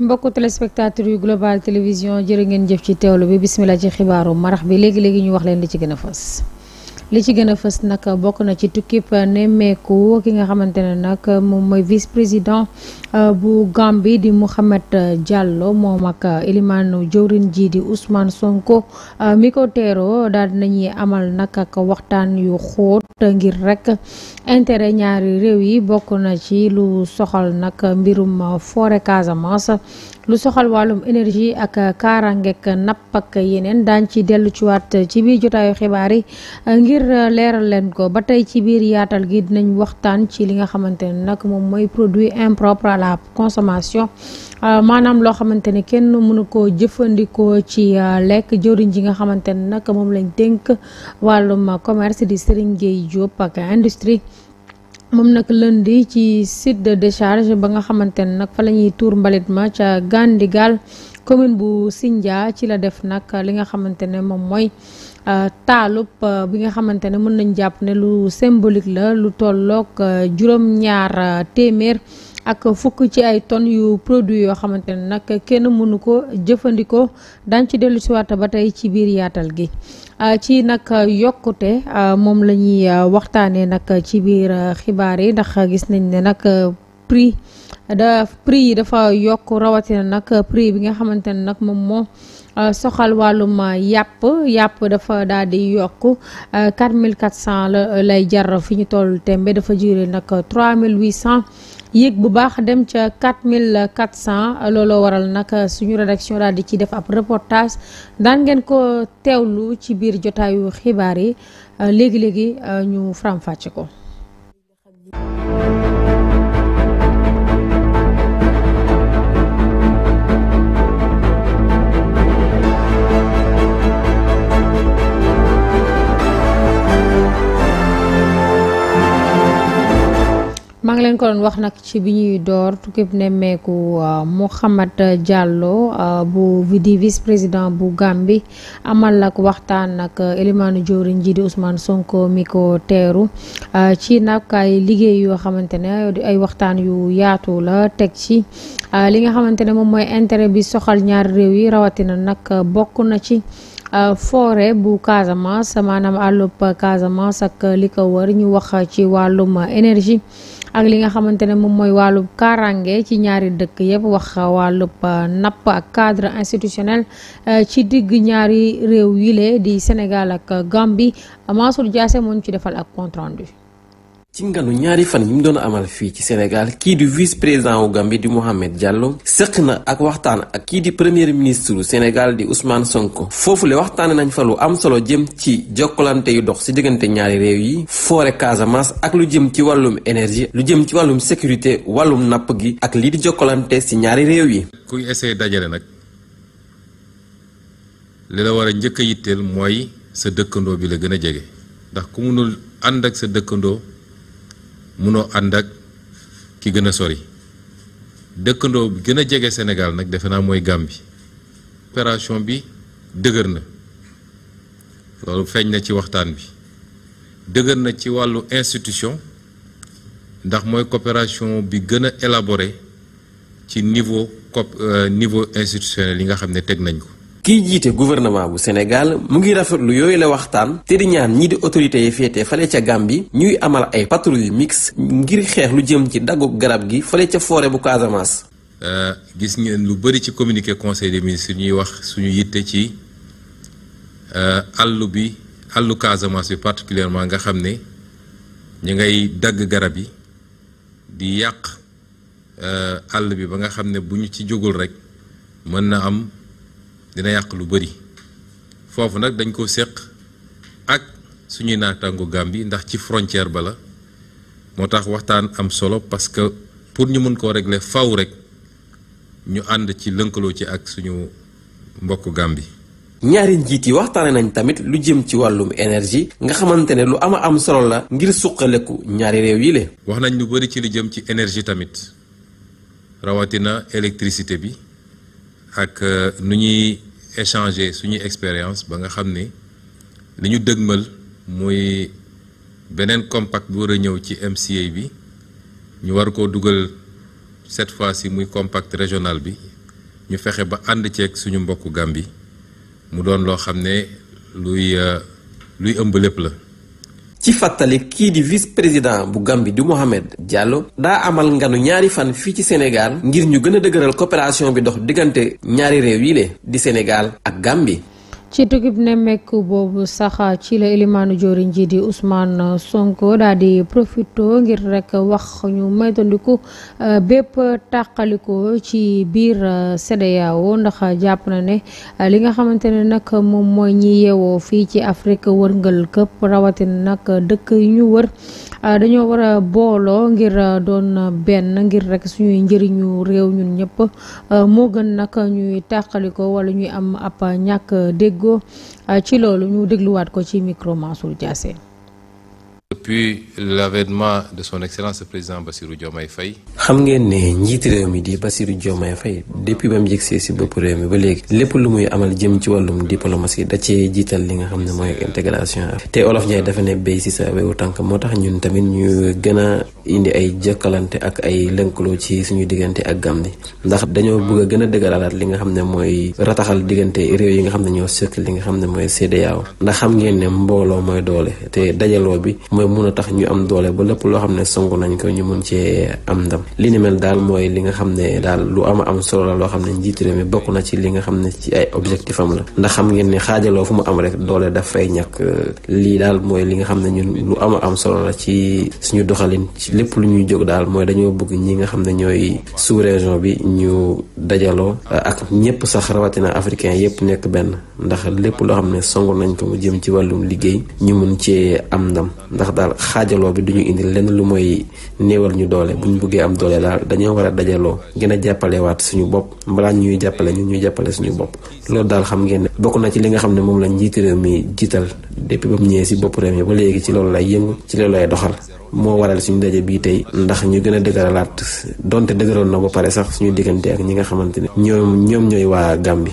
mbokku téléspectateur yu global télévision jërë ngeen jëf ci teewlu bi bisimilah ci xibaaru marax bi léegi léegi ñu wax leen li ci gën a fës. li ci gën a fës nag bokk na ci tukkib nemmeeku ki nga xamante ne nag moom mooy vice président euh, bu Gambie di Mouhamed Diallo moom ak Elimaanu jëwrin ji di Ousmane Sonko euh, mi ko teeroo daal nañuy amal nag ak waxtaan yu xóot ngir rekk intérêt ñaari réew yi bokk na ci lu soxal nag mbirum forêt Casamance lu soxal wàllum énergie ak kaaraangeek napp ak yeneen daañ ci dellu ci waat ci biir jotaayu xibaar yi ngir leeral leen ko ba tey ci biir yaatal gi dinañ waxtaan ci li nga xamante ne nag moom mooy produit impropre à la consommation maanaam loo xamante ne kenn mënu ko jëfandikoo ci euh, lekk jëriñ ji nga xamante ne nag moom lañ dénk wàllum commerce di Serigne Gueye Diop ak industrie moom nag lundi ci site de décharge ba nga xamante ne nag fa la ñuy tuur mbalit ma ca Gandigal commune bu Sindia ci la def nag li nga xamante ne moom mooy euh, taalub euh, bi nga xamante ne mën nañ jàpp ne lu symbolique la lu tollook euh, juróom-ñaar téeméer ak fukk ci ay tonnes yu produit yoo xamante ne nag kenn mënu ko jëfandikoo daañ ci dellu si waat ba tey ci biir yaatal gi ci nag yokkute moom la ñuy waxtaanee nag ci biir xibaar yi ndax gis nañ ne nag prix da prix yi dafa yokk rawatina nag prix bi nga xamante ne nag moom moo soxal wàllum yàpp yàpp dafa daal di yokk mille 4400 la lay jar fi ñu toll tembe dafa jure nag 3800 yéeg bu baax dem ca 4400 looloo waral nag suñu rédaction daal di ci def ab reportage daan ngeen ko teewlu ci biir jotaayu xibaar yi léegi-léegi euh, ñu framfàcce ko leen ko doon wax nag ci bi ñuy door tukkib nemmeeku uh, Mouhamed Diallo uh, bu di vice président bu Gambie amal ak waxtaan nag uh, élimaanu jëwriñ ji di Ousmane Sonko mi ko teeru ci nag ay liggéey yoo xamante ne ay waxtaan yu yaatu la teg ci li nga xamante ne moom mooy intérêt bi soxal ñaari réew yi rawatina nag bokk na ci forêt bu Casamance maanaam àllub Casamance ak li ko wër ñu wax ci wàllum énergie ak li nga xamante ne moom mooy wàllub kaaraange ci ñaari dëkk yëpp wax wàllub euh, napp ak cadre institutionnel euh, ci digg ñaari réew yile di Sénégal ak Gambie Mansour Diassé moo ñu ci defal ak compte rendu ci nganu ñaari fan yi mu doon amal fii ci Sénégal kii di vice président wu Gambie di Mohamed Diallo sëq na ak waxtaan ak kii di premier ministre wu Sénégal di Ousmane Sonko foofu le waxtaane nañ fa lu am solo jëm ci jokkalante yu dox ci diggante ñaari réew yi foore Casamance ak lu jëm ci wàllum énergie lu jëm ci wàllum sécurité wàllum napp gi ak lii di jokkalante ci ñaari réew yi. kuy essayer dajale nag li la war a njëkk a yitteel mooy sa dëkkandoo bi la gën a jege ndax ku munul ànd ak sa dëkkandoo. munoo ànd ak ki gën a sori dëkkandoo bi gën a jege Sénégal nag defe naa mooy bi coopération bi dëgër na loolu feeñ na ci waxtaan bi dëgër na ci wàllu institution ndax mooy coopération bi gën a élaboré ci niveau cop euh, niveau institutionnel yi nga xam ne teg nañ ko kiy jiite gouvernement bu Sénégal mu ngi rafetlu yooyu la waxtaan te di ñaan ñi di autorités yi féete fale ca Gambie ñuy amal ay patrouille mixte ngir xeex lu jëm ci daggub garab gi fale ca foore bu Casamance. Euh, gis ngeen lu bëri ci communiqué conseil des su ñuy wax suñu yitte ci euh, àll bi àllu Casamance bi particulièrement nga xam ne ñu ngay dagg garab yi di yàq euh, àll bi ba nga xam ne bu ñu ci jógul rek mën na am. dina yak lu beuri fofu nak dañ ko sekk ak suñuy naataango gambi ndax ci frontière ba la motax tax waxtaan am solo parce que pour ñu mën ko régler faaw rek ñu and ci leunkelo ci ak suñu mbokk gambi ñaari njiit yi nañ tamit lu jëm ci walum énergie nga xamantene lu ama am solo la ngir suqaleku ñaari rew yi le wax nañ lu ci lu jëm ci énergie tamit rawatina électricité bi ak euh, nu ñuy échanger suñu expérience ba nga xam ni li ñu dëgmal muy beneen compact bu war a ñëw ci MCA bi ñu war koo dugal cette fois-ci muy compact régional bi ñu fexe ba ànd ceeg suñu mbokku Gàmbi mu doon loo xam ne luy euh, luy ëmb lépp la ci fàttali kii di vice président bu Gambie di Mohamed Diallo daa amal nganu ñaari fan fii ci Sénégal ngir ñu gën a dëgëral coopération bi dox diggante ñaari réew yi le di Sénégal ak Gambie. ci tukib nemmeku bobu saxa ci la ilimaanu jori njidi usman Sonko dadi profito ngir rek wax ñu maytandiku euh, bepp takaliko ci biir wo euh, ndax japp na ne euh, li nga xamantene nak mom moy ñi yewo fi ci Afrique wërngal këpp rawatin nag dëkk ñu wër dañu war bolo ngir don ben ngir rek suñu njëriñu rew ñun ñep mo gën nak ñuy takaliko wala ñuy am apa ñak deg déggoo ah, ci loolu ñu dégluwaat ko ci micro Mansour Diassé depuis l'avènement de son excellence président Bassirou Diomaye Faye. xam ngeen ne njiiti réew mi di Bassirou Diomaye Faye depuis ba mu yegsee si bopp réew mi ba léegi lépp lu muy amal jëm ci wàllum diplomatie da cee jiital li nga xam ne mooy intégration te Olof Ndiaye dafa ne béy si sa wewu tànk moo tax ñun tamit ñu gën indi ay jokkalante ak ay lënkaloo ci suñu diggante ak Gambie ndax dañoo bëgg a gën a dëgëralaat li nga xam ne mooy rataxal diggante réew yi nga xam ne ñoo sëkk li nga xam ne mooy CEDEAO ndax xam ngeen ne mbooloo mooy doole te mun a tax ñu am doole ba lépp loo xam ne songu nañ ko ñu mun cee am ndam li ni daal mooy li nga xam ne daal lu ama am solo loo xam ne njiit réew mi bokk na ci li nga xam ne ci ay objectif am la ndax xam ngeen ne xaajaloo fu mu am rek doole daf fay ñàkk lii daal mooy li nga xam ne ñun lu ama am solo ci suñu doxalin ci lépp lu ñuy jóg daal mooy dañoo bëgg ñi nga xam ne ñooy sous région bi ñu dajaloo ak ñëpp sax rawatina africain yëpp nekk benn ndax lépp loo xam ne songu nañ ko jëm ci wàllum liggéey ñu mun cee am ndam ndax daal xaajaloo bi duñu indi lenn lu mooy néewal ñu doole bu ñu bëggee am doole daal dañoo war a dajaloo gën a jàppalewaat suñu bopp balaa ñuy jàppale ñu ñuy jàppale suñu bopp loolu daal xam ngeen ne bokk na ci li nga xam ne moom la njiiti réew mi jiital depuis ba mu ñëwee si bopp réew mi ba léegi ci loolu lay yëngu ci loolu lay doxal moo waral suñu daje bii tey ndax ñu gën a dëgëralaat donte dëgëroon na ba pare sax suñu diggante ak ñi nga xamante ne ñoom ñoom ñooy waa Gàmbi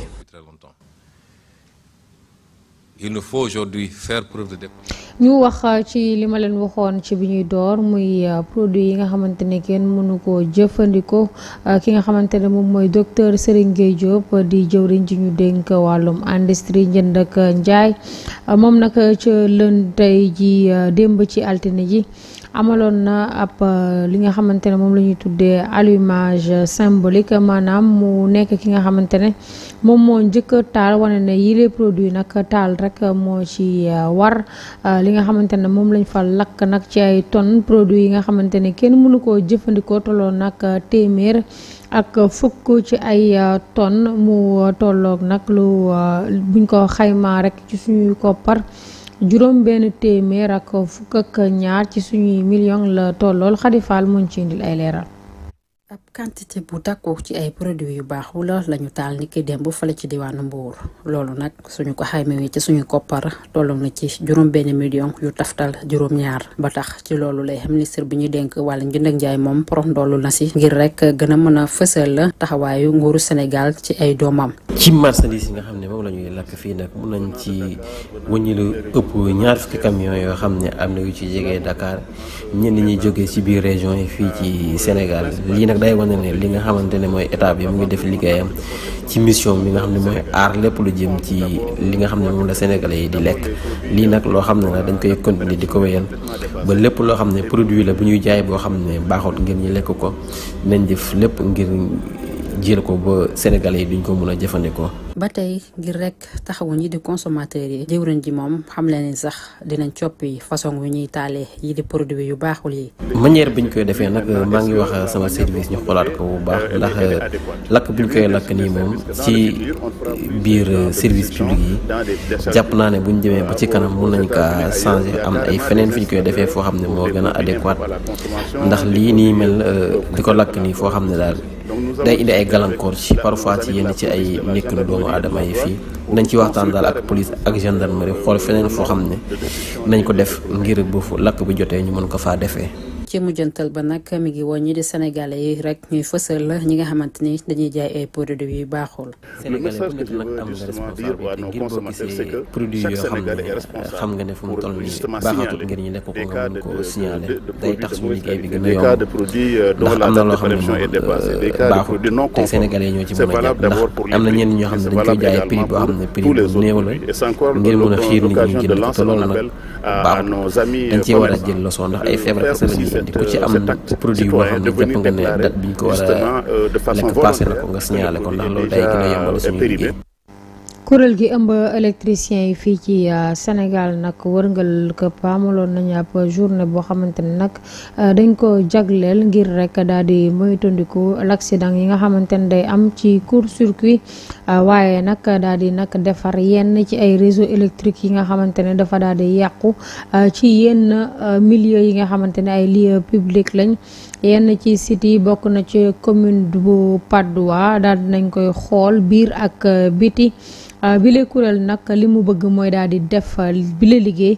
ñu wax euh, ci li leen waxoon ci bi ñuy door muy euh, produit yi nga xamante ne kenn mënu ko jëfandikoo euh, ki nga xamante ne moom mooy docteur Serigne Gueye Diop di jëwriñ ji ñu dénk wàllum industrie njënd ak njaay moom nag ca lën tey ji démb ci altine ji amaloon na ab euh, li nga xamante ne moom la ñuy tuddee allumage symbolique maanaam mu nekk ki nga xamante ne moom moo njëkk taal wane ne yile produit nag taal rek moo ci euh, war euh, li nga xamante ne moom lañ fa lakk nag ci ay tonnes produits yi nga xamante ne kenn mënu ko jëfandikoo tolloon nag téeméer ak fukk ci ay tonnes mu tolloog nag lu buñ ko xaymaa rek ci suñuy koppar. juróom benn téeméer ak fukk ak ñaar ci suñuy million la tollool Khady Fall muñ ci indil ay leeral quantité bu takko ci ay e produits yu bax wala lañu tal ni ki fa la ci diwanu mbour lolu nak suñu ko wi ci suñu koppar tollu na ci juróom benn million yu taftal juróom ñaar ba tax ci lolu lay ministre bi ñu dénk wàll njënd ak njaay moom porom dollu na si ngir rek gëna mëna mën la taxawayu nguru sénégal ci ay domam ci marchandise yi nga xam mom moom lak fi nak mu nañ ci wëñu lu ëpp ñaar fukki camion yo xam amna yu ci jégué dakar ñen ñi joggé ci biir région yi fi ci sénégal li nak day wane ne li nga xamante ne mooy état bi mu ngi def liggéeyam ci mission bi nga xam ne mooy aar lépp lu jëm ci li nga xam ne moom la sénégalais yi di lekk lii nag loo xam ne nag dañ koy continuer di ko wéyal ba lépp loo xam ne produit la bu ñuy jaay boo xam ne baaxul ngir ñi lekk ko nañ def lépp ngir jël ko ba sénégalais yi duñ ko mun a jëfandikoo. ba tey ngir rek taxawu ñi di consommateur yi jëwriñ ji moom xam leen ni sax dinañ coppi façon wi ñuy taalee yi di produit yu baaxul yi bi biñ koy defee nag maa ngi wax sama service ñu xoolaat ko bu baax ndax lakk buñ koy lakk nii moom ci biir service public yi jàpp naa ne buñ jëmee ba ci kanam mun nañ kaa changer am ay feneen fi ñu koy defee foo xam ne moo gën a adéquat ndax lii nii mel euh, di ko lakk nii foo xam ne daal day indi ay gàllankoor ci parfois ci yenn ci ay nekkinu doomu aadama yi fii nañ ci waxtaan daal ak police ak gendarmerie xool feneen foo xam ne nañ ko def ngir bu lakk bi jotee ñu mën ko faa defee. ci mujjantal ba nak mi ngi woo di sénégalais yi rek ñuy la ñi nga xamanteni ni dañuy jaay ay produits yu baxul sénégalais est responsable pour justement signaler des cas de des cas de produits dont la date de péremption est dépassée des cas de produits non conformes c'est valable d'abord pour les prix mais c'est valable également produits di ku ci euh, am produit boo xam ne jàpp nga ne date bi ñu ko war euh, lekk passé na ko nga signalé ko ndax loolu day gën a yombal euh, suñu liggéey kuréel gi ëmb électricien yi fii ci euh, Sénégal nag wërngal këpp amaloon nañu ab journée boo xamante ne nag euh, dañ ko jagleel ngir rek daal di moytandiku l'accident yi nga xamante ne day am ci court-circuit euh, waaye nag daal di nag defar yenn ci ay réseau électrique yi nga xamante ne dafa daal di yàqu ci yenn milieu yi nga xamante ne ay lieu public lañ yenn ci sites bokk na ci commune bu Patte d'Oie daal dinañ koy xool biir ak euh, biti euh, bile kuréel nag li mu bëgg mooy daal di def euh, bile liggéey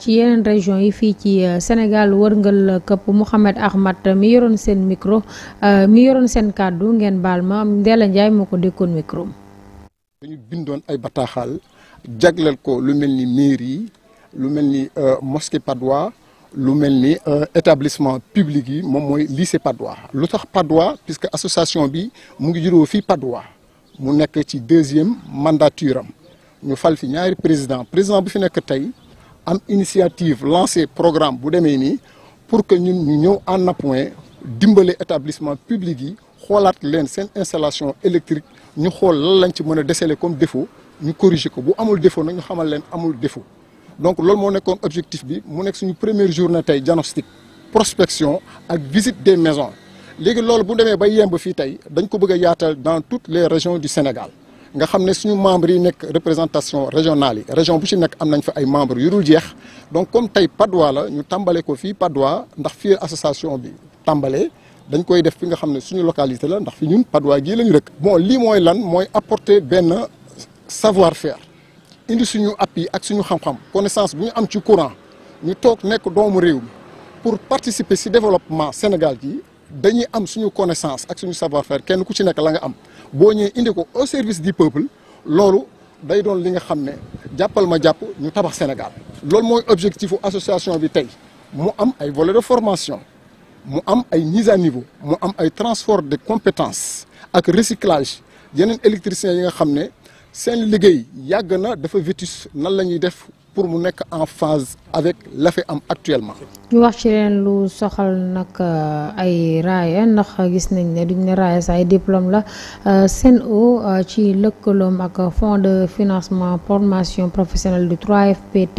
ci yeneen région yi fii ci Sénégal wërngal këpp Mouhamed Ahmad mi yoroon seen micro mi yoroon seen kàddu ngeen baal ma Ndella Ndiaye moo ko dékkoon micro dañu bindoon ay bataaxal jagleel ko lu mel ni mairie lu mel ni mosquée Patte lu euh, établissement public yi moom lycée Padois L'autre tax puisque association bi mu ngi juróo fii Padois deuxième mandature am ñu fal fi ñaari président président bu fi nekk tey am initiative lancé programme pour que nous soyons en appoint dimbale établissement public yi xoolaat leen seen installation électrique ñu xool lan lañ ci mën déceler comme défaut ñu corriger ko bu amul défaut nag ñu xamal leen amul défaut donc loolu moo nekkoon objectif bi mu nekk suñu première journée tey diagnostic prospection ak visite des maisons léegi loolu bu demee ba yemb fii tey dañ ko bëgg yaatal dans toutes les régions du Sénégal nga xam ne suñu membres yi nekk représentation régionale yi région bu ci nekk am nañ fa ay membres yu dul jeex donc comme tey Patte la ñu tàmbale ko fii Patte ndax association bi tambalé, dañ koy def fi nga xam ne suñu localité la ndax fi ñun Patte d'Oie gii la bon lii mooy lan mooy apporter savoir-faire indi suñu appui ak suñu xam-xam connaissance buñu am ci courant ñu tok nek doomu réew pour participer ci développement Sénégal ji dañuy am suñu connaissance ak suñu savoir faire kenn ku ci nek la nga am bo ñe indi ko au service du peuple lolu day doon li nga xamné ne ma japp ñu tabax Sénégal. lolu moy objectif association bi tay mu am ay volet de formation mu am ay mise à niveau mu am ay transfert de compétences ak recyclage yeneen électriciens yi nga xamné ne. seen liggéey yàgg na dafa vétus nan la ñuy def pour mu en phase avec la actuellement. ñu wax ci leen lu soxal nag euh, ay raaya ndax gis nañ ne duñ ne raaya sa ay diplôme la euh, SEN'EAU euh, ci colom ak fonds de financement formation professionnelle du 3FPT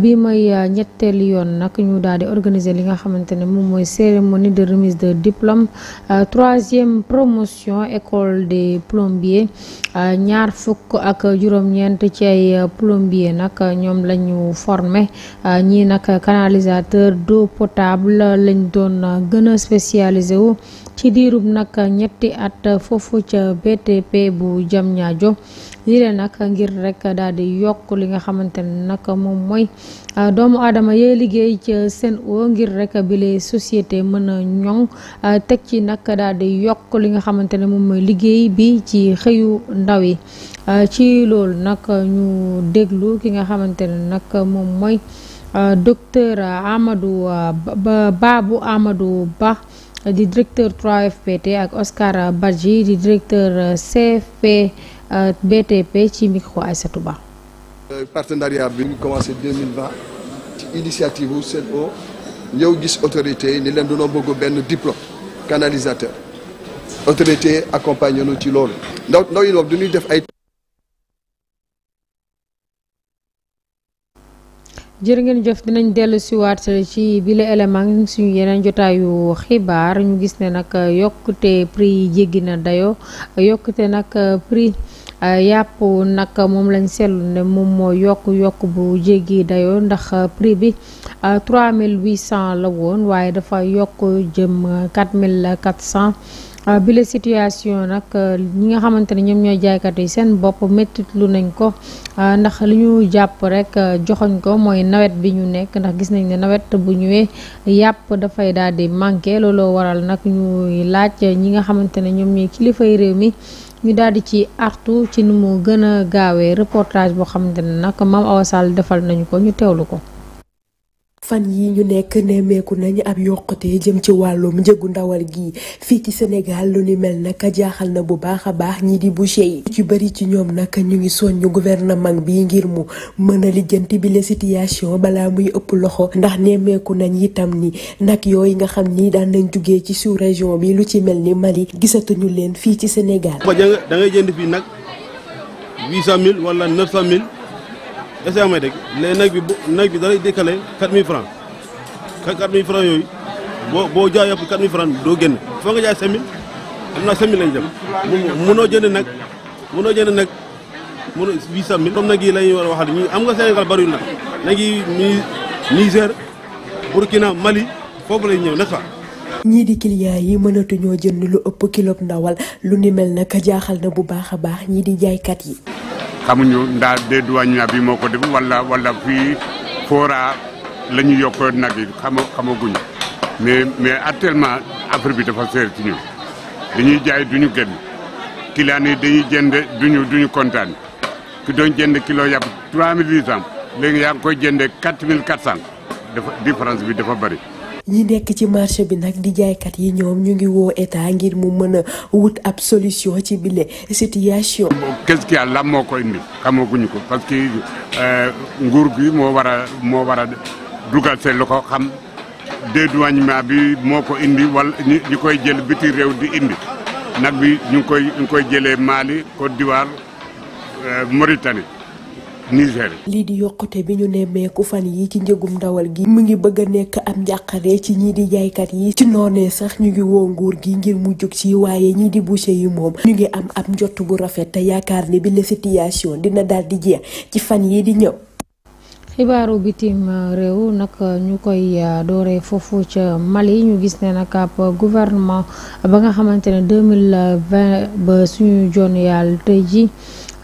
bii mooy ñetteelu yoon nag ñu daal di organiser li nga xamante ne cérémonie de remise de diplôme troisième promotion école des plombiers ñaar fukk ak juróom-ñeent ci ay plombiers nag. ñoom la ñu formé euh, ñii nag canalisateur d'eau potable lañ doon euh, gën a spécialisé wu ci diirub nag ñetti at foofu ca BTP bu Diamniadio lii nag ngir rek daal di yokk li nga xamante nag moom mooy doomu aadama yee liggéey ca Sen'Eau ngir rek bile société mën a ñoŋ teg ci nag daal yokk li nga xamante ne moom mooy liggéey bi ci xëyu ndaw yi ci loolu nag ñu déglu ki nga xamante nag moom mooy docteur Amadou Babou Ba. di directeur 3FPT ak Oscar Badji di directeur CFP euh, ci micro Aïssatou Ba euh, partenariat bi commencé 2020 ci initiative wu SED'EAU ñëw gis autorité ni leen no bëgg ben diplôme canalisateur autorité accompagne nous ci ndaw def ay jër ngeen jëf dinañ dellu si ci bile élément suñu yeneen jotaayu xibaar ñu gis ne nag euh, yokkute prix yi jéggi na dayoo yokkute nag euh, prix euh, yàpp nag moom lañ seetlu ne moom moo yokk yokk bu jéggi dayoo ndax prix bi mille 3800 la woon waaye dafa yokk jëm 4400. Euh, bi la situation nag euh, ñi nga xamante ne ñoom ñooy jaaykat seen bopp méttit lu nañ ko euh, ndax li ñu jàpp rek joxoñ ko mooy nawet bi ñu nekk ndax gis nañ ne nawet bu ñëwee yàpp dafay daal di manqué looloo waral nag ñuy laaj ñi nga xamante ne ñoom ñooy kilifay réew mi ñu daal di ci artu ci nu mu gën a gaawee reportage boo xamante ne nag Mame Awa defal nañu ko ñu teewlu ko fan yi ñu nekk nemmeeku nañu ab yokkute jëm ci wàllu njëgu ndawal gi fii ci Sénégal lu ni mel nag jaaxal na bu baax a baax ñi di boucher yi ci bari ci ñoom nag ñu ngi soññu gouvernement bi ngir mu mën a lijjanti bi la situation bala muy ëpp loxo ndax nemmeeku nañ itam ni nag yooyu nga xam ni daan nañ jugee ci sous région bi lu ci mel ni Mali gisatuñu leen fii ci Sénégal. da jënd fii nag 800000 wala 900000. est-ce que may dégg léegi nag bi bu nag bi da lay décaler 4000 francs 4000 francs yooyu boo boo jaay yëpp 4000 francs doo génn foo nga jaay 5000 am naa 5000 lañ jëm munoo jënd nag munoo jënd nag mun 800000. comme nag yi la ñuy war a waxal ñi am nga Sénégal bariwul nag nag yi Niger Burkina Mali foofu lay ñëw n'est-ce pas. ñii di client yi mënatuñoo jënd lu ëpp kilo ndawal lu ni mel nag jaaxal na bu baax a baax ñii di jaaykat yi. xamuñu ndaa dédouanement bi moo ko def wala wala fii foora la ñu yokk nag yi xama xamaguñu mais mais actuellement affaire bi dafa seer ci ñun dañuy jaay duñu génn client yi dañuy jënd duñu duñu kontaan ki doon jënd kilo yàpp 3800 léegi yaa ngi koy jëndee 4400 dafa différence bi dafa bëri. ñi nekk ci marché bi nag di jaaykat yi ñoom ñu ngi woo état ngir mu mën a wut ab solution ci bile situation. qu'est-ce qu'il y moo ko indi xamaguñu ko parce que euh, nguur gi moo war a moo war a dugal seen lu ko xam dédouanement bi moo ko indi wala koy jël biti réew di indi nag bi ñu ngi koy ñu ngi koy jëlee Mali Côte d'Ivoire euh, lii di yokkute bi ñu nemmeeku fan yi ci njëgum ndawal gi mu ngi bëgg a nekk am njàqare ci ñi di jaaykat yi ci noonee sax ñu ngi woo nguur gi ngir mu jug ci waaye ñii di boucher yi moom ñu ngi am ab njott bu rafet te yaakaar ni bi la situation dina daal di jeex ci fan yi di ñëw. xibaaru bitim uh, réew nag uh, ñu koy uh, dooree foofu ca Mali ñu gis ne nag ab gouvernement ba nga xamante ne 2020 ba suñu jon yàlla tey ji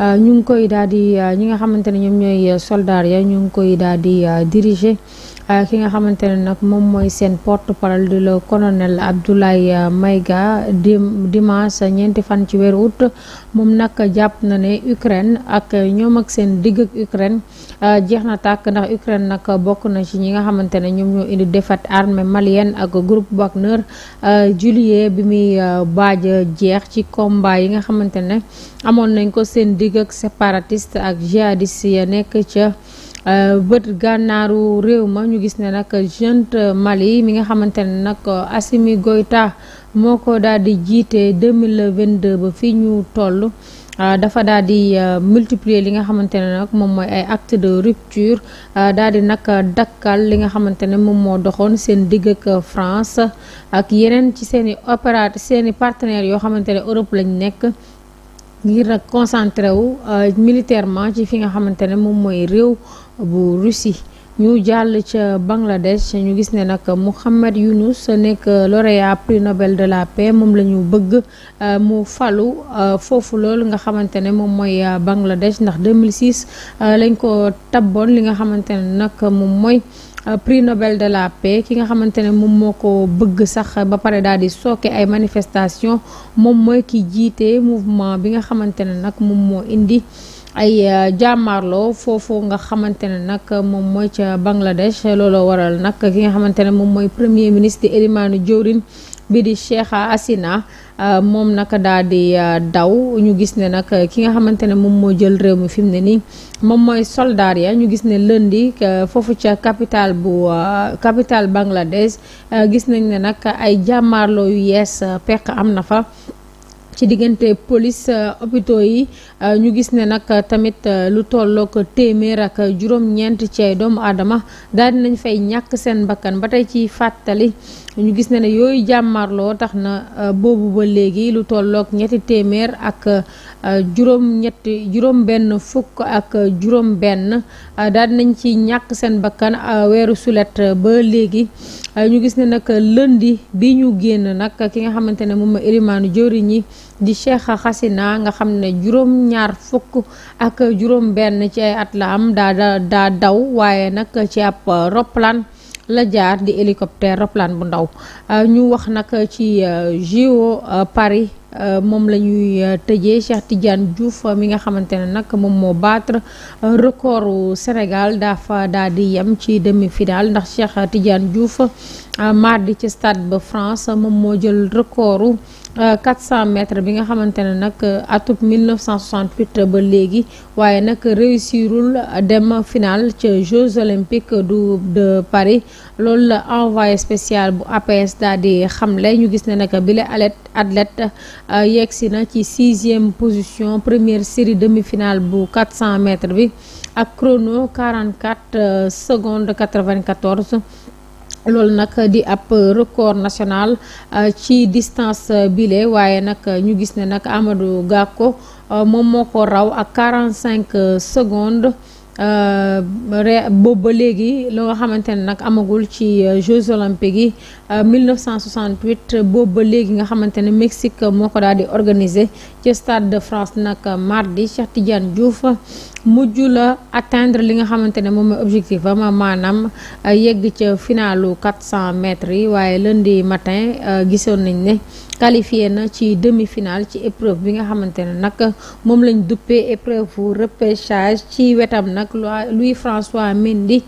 Euh, ñu ngi koy daal di euh, ñi nga xamante ne ñoom ñooy euh, soldaar ñu ngi koy daal di diriger Ah, ki nga xamantene nak mom moy sen porte parole di le colonel Abdoulaye ah, mayga dimanche ñeenti fan ci weeru août mom nak japp na né Ukraine ak ñom ak sen digg ak Ukraine ah, jeexna tak ndax Ukraine nak bokk na ci ñi nga xamantene ñom ñoo indi défaite armée malienne ak groupe Wagner juillet bi mi baaj jeex ci combat yi nga xamantene amon nañ ko sen digg ak séparatiste ak jihadiste ya nekk ca Euh, bët gànnaaru réew ma ñu gis ne nag junte Mali mi nga xamante ne nag euh, Assimi Goïta moo ko daal di jiite 2022 ba fii ñu toll euh, dafa daal di multiplier li nga xamante ne nag moom mooy ay acte de rupture daal di nag dakkal li nga xamante ne moom moo doxoon seen digg ak France ak yeneen ci seen i opérat seen i partenaires yoo xamante ne Europe lañ nekk ngir nag concentré wu militairement ci fi nga xamante ne moom mooy réew bu Russie ñu jàll ca Bangladesh ñu gis ne nag Mouhamed Yunus nekk lauréat prix Nobel de la paix moom la ñu bëgg euh, mu falu euh, foofu loolu nga xamante ne moom mooy euh, Bangladesh ndax 2006 lañ ko tabboon li nga xamante nag moom mooy prix Nobel de la paix ki nga xamante ne moom moo ko bëgg sax ba pare daal di sooke ay manifestation moom mooy ki jiite mouvement bi nga xamante ne moom moo indi ay euh, jàmmaarloo foofu nga xamante ne nag moom mooy ca Bangladesh looloo waral nag ki nga xamante ne moom mooy premier ministre di Elimaanu Jawrin bi di Cheikh Hasina euh, moom nag daal di euh, daw ñu gis ne nag ki nga xamante ne moom moo jël réew mi fi mu ne nii moom mooy soldaar ya ñu gis ne lundi foofu ca capitale bu capitale Bangladesh gis nañ ne nag ay jàmmaarloo yu yees peq am na fa ci diggante police euh, hôpitaux yi euh, ñu gis ne nag euh, tamit lu tollook téeméer ak juróom-ñeent ci doomu aadama daal di fay ñàkk seen bakkan ba tey ci fàttali ñu gis ne ne yooyu jàmmarloo tax na euh, boobu ba léegi lu tollook ñetti téeméer ak euh, juróom ñetti juróom benn fukk ak juróom benn euh, daal nañ ci ñàkk seen bakkan weeru sulet ba léegi ñu gis ne nag lëndi bi ñu génn nag ki nga xamante ne moom ma ilimaanu jëwriñ di Cheikh Xasina nga xam ne juróom ñaar fukk ak juróom benn ci at la am daa daa daw waaye nag ci ab roppalaan la jaar di hélicoptère roplaan bu ndaw euh, ñu wax nag ci JO euh, euh, Paris moom la ñuy tëjee Cheikh Tidiane Diouf mi nga xamante ne nag moom moo battre recordu Sénégal dafa daal di yem ci demi-finale ndax Cheikh Tidiane Diouf mardi ci stade ba France moom moo jël recordu 400 euh, mètres bi nga xamantene que atout 1968 ba réussi waye nak réussirul dem final des Jeux olympiques de Paris loolu la spécial bu APS daal di xamle ñu gis ne nak bi athlète euh, yegsi na ci sixième position première série demi-finale bu 400 mètres bi ak chrono 44 secondes 94. loolu nag di ab record national euh, ci distance bile waaye nag ñu gis ne nag Amadou Gakko euh, moom moo ko raw ak 45 secondes. Euh, boobu ba léegi loo nga xamante ne nag amagul ci euh, Jeux olympiques yi 1968 euh, boobu ba léegi nga xamante ne Mexique moo ko daal di organiser ci Stade de France nag mardi Cheikh Tidiane Diouf mujj la attendre li nga xamante ne moom mooy objectif am maanaam yegg ca finalu 400 mètres yi waaye di matin gisoon nañ ne. qualifié na ci demi-finale ci épreuve bi nga xamante ne nag moom lañ duppee épreuve bu repêchage ci wetam nag Louis François Mendy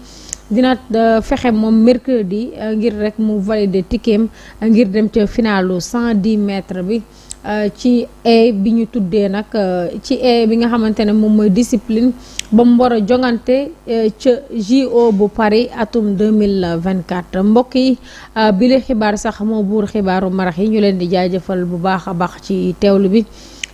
dina euh, fexe moom mercredi euh, ngir rek mu valider tikem ngir dem ca finalu 110 mètres bi. Euh, ci e bi ñu tuddee nag euh, ci e bi nga xamante ne moom mooy discipline ba mu war a jongante euh, ca JO bu Paris atum 2024 mbokk yi bi xibaar sax moo buur xibaaru marax yi ñu leen di jaajëfal bu baax a baax ci teewlu bi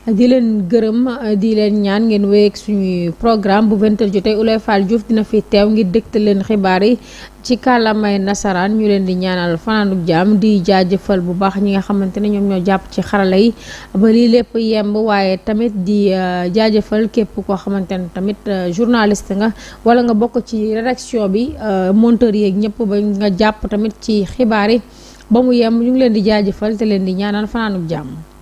di leen gërëm di leen ñaan ngeen wéyeeg suñuy programme bu 20h jotee Ouleye Fall Diouf dina fi teew ngir dégtal leen xibaar yi ci kàllaamay nasaraan ñu leen di ñaanal fanaanuk jàmm di jaajëfal bu baax ñi nga xamante ne ñoom ñoo jàpp ci xarala yi ba lii lépp yemb waaye tamit di euh, jaajëfal képp koo xamante ne tamit euh, journaliste nga wala nga bokk ci rédaction bi euh, monteur yeeg ñëpp ba nga jàpp tamit ci xibaar yi ba mu yemb ñu ngi leen di jaajëfal te leen di ñaanal fanaanuk jàmm